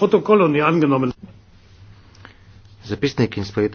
Protokolle nie angenommen. Zapisnik in